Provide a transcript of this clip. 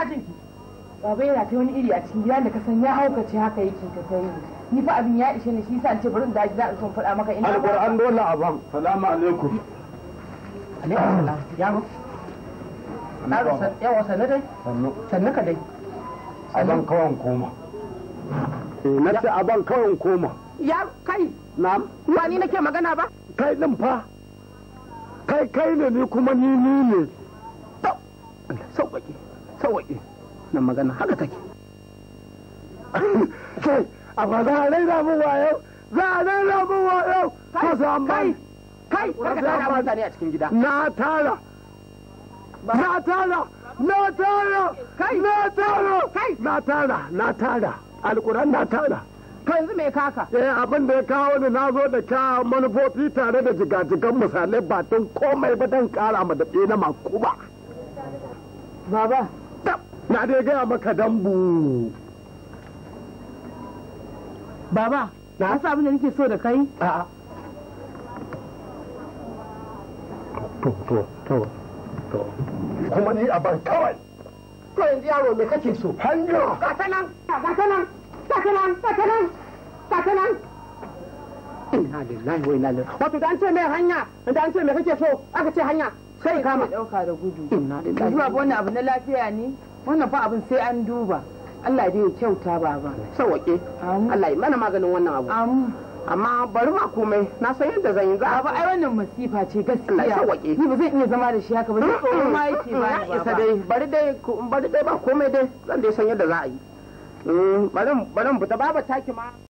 ina jin ki baba yana ta wani iri a cikin gidan da ka san ya haukace haka yake ka kai ni ni fa abin ya ishe ni shi yasa ce bari in in son faɗa maka ina dole abam salamu alaikum alaikum salam na yawa sanne dai sanne ka dai kawan koma eh na ce aban kawan koma ya kai na'am ba ni nake magana ba kai din fa kai kai ne ni kuma ni ni ne sauƙaƙe sawaƙi na magana haka take kai amma za a raina min wayo za a raina min wayo ka su amfani kai kai ka ka tara mutane a cikin gida na tara na tara na tara kai na tara kai na tara na tara alƙuran na tara to yanzu me kaka eh abin da ya kawo ni na zo da kya manufofi tare da jigajigan misalai ba don komai ba don kara ma da na makuba baba na dai gaya maka dambu baba na sa abin da nake so da kai a'a to to to to kuma ni a ban kawai to yanzu yaro me kake so Hanyo. ka sanan ka sanan ka sanan ka sanan ka inna lillahi wa inna ilaihi wato da an ce mai hanya da an ce me kake so aka ce hanya sai kama dauka da gudu inna lillahi wannan abu na lafiya ne wannan fa abin sai an duba Allah dai ya kyauta baba sauwake Allah ya mana maganin wannan abu amma bari ma komai na san yadda zan yi za a ba ai wannan masifa ce gaskiya Allah ya sauwake ni ba zan iya zama da shi haka ba sai ma yake ba isa dai bari dai bari dai ba komai dai zan dai san yadda za a yi mm, bari bari fita baba taki ma